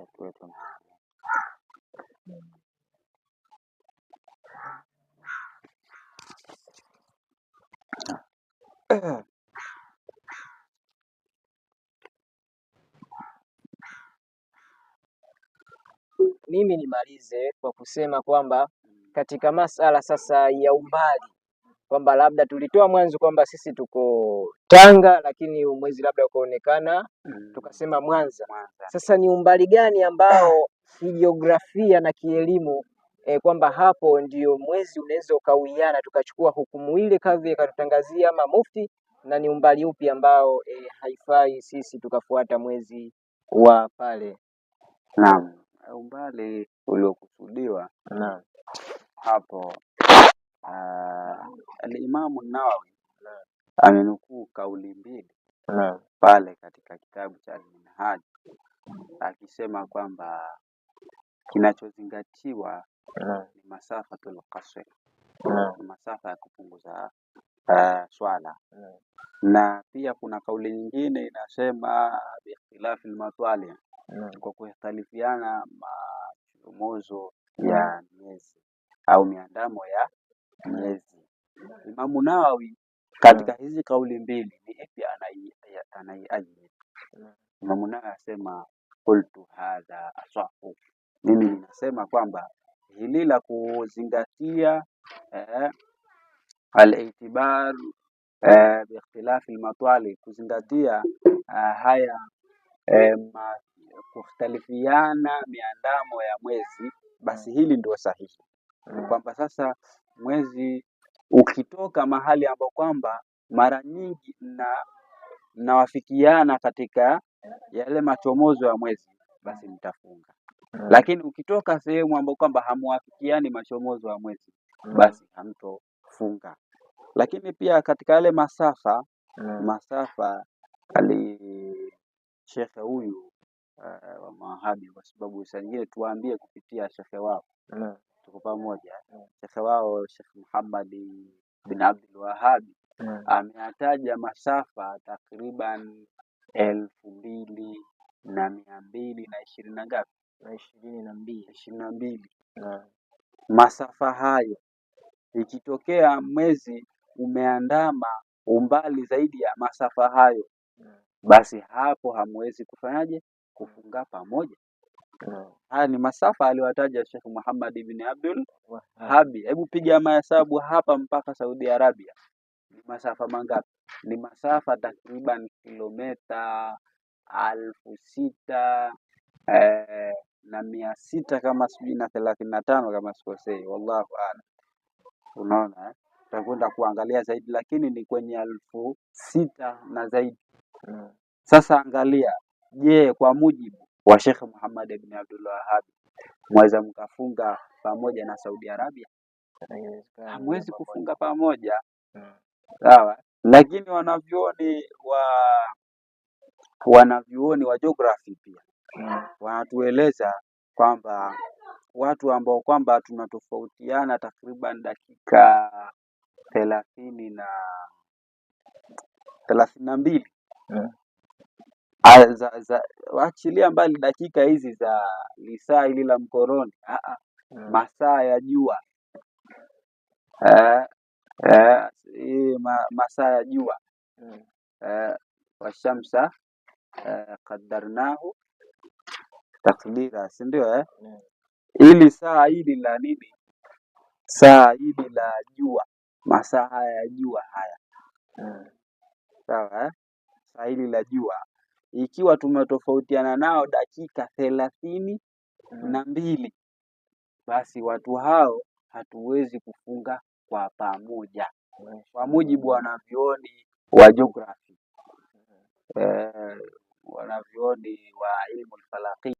ya kile Mimi nimalize kwa kusema kwamba katika masala sasa ya umbali kwamba labda tulitoa mwanzo kwamba sisi tuko Tanga, lakini mwezi labda ukaonekana mm. tukasema Mwanza. Sasa ni umbali gani ambao kijiografia na kielimu eh, kwamba hapo ndio mwezi unaweza ukawiana tukachukua hukumu ile kadhi ikatutangazia ama mufti, na ni umbali upi ambao eh, haifai sisi tukafuata mwezi wa pale? Naam, umbali uliokusudiwa naam hapo Alimamu ah, Nawawi amenukuu kauli mbili pale katika kitabu cha Al-Minhaj akisema kwamba kinachozingatiwa ni masafatul qasr, masafa ya kupunguza ah, swala. Na pia kuna kauli nyingine inasema biikhtilafi lmatwali, kwa kuhtalifiana machomozo ya miezi au miandamo ya mlezi. Imamu Nawawi katika mm. hizi kauli mbili ni ipi anaiaji? Imamu Nawawi asema qultu hadha asahu, mimi ninasema kwamba hili la kuzingatia eh, al-itibar eh, biikhtilafi lmatwali kuzingatia eh, haya eh, kukhtalifiana miandamo ya mwezi, basi mm. hili ndio sahihi kwamba sasa mwezi ukitoka mahali ambapo kwamba mara nyingi mnawafikiana katika yale machomozo ya mwezi, basi mtafunga Lakini ukitoka sehemu ambapo kwamba hamuwafikiani machomozo ya mwezi basi hamtofunga. Lakini pia katika yale masafa masafa ali shekhe huyu uh, wa mahabi kwa sababu saa nyingine tuwaambie kupitia shekhe wao tuko pamoja. Eh. Shekhe wao Sheikh Muhammad bin eh. Abdul Wahabi eh. ameataja masafa takriban elfu mbili na mia mbili na ishirini na ngapi na ishirini na mbili ishirini na mbili masafa hayo ikitokea mwezi umeandama umbali zaidi ya masafa hayo, basi hapo hamwezi kufanyaje kufunga pamoja. Eh, haya ni masafa aliwataja Sheikh Muhammad ibn Abdul habi Hebu piga mahesabu hapa mpaka Saudi Arabia, ni masafa mangapi? Ni masafa takriban kilometa alfu sita eh, na mia sita kama sijui na thelathini na tano kama sikosei, wallahu alam. Unaona eh? Tutakwenda kuangalia zaidi, lakini ni kwenye alfu sita na zaidi. Mm. Sasa angalia, je, kwa mujibu wa Sheikh Muhammad ibn Abdul Wahhab mweza mkafunga pamoja na Saudi Arabia? Hamwezi kufunga pamoja, mm. sawa. Lakini wanavyuoni wa wanavyuoni wa geography pia mm. wanatueleza kwamba watu ambao kwamba tunatofautiana takriban dakika thelathini na thelathini na mbili mm wachilia ah, mbali dakika hizi za lisaa hili la mkoroni, ah, ah, mm. masaa ya jua eh, eh, ma, masaa ya jua mm. eh, washamsa eh, qadarnahu takdira, sindio eh? Mm. ili saa hili la nini, saa hili la jua, masaa haya ya jua haya sawa eh? saa hili la jua ikiwa tumetofautiana nao dakika thelathini na mbili, basi watu hao hatuwezi kufunga kwa pamoja, kwa mujibu wanavyoni wa jiografia, eh, wanavyoni wa ilmu lfalaki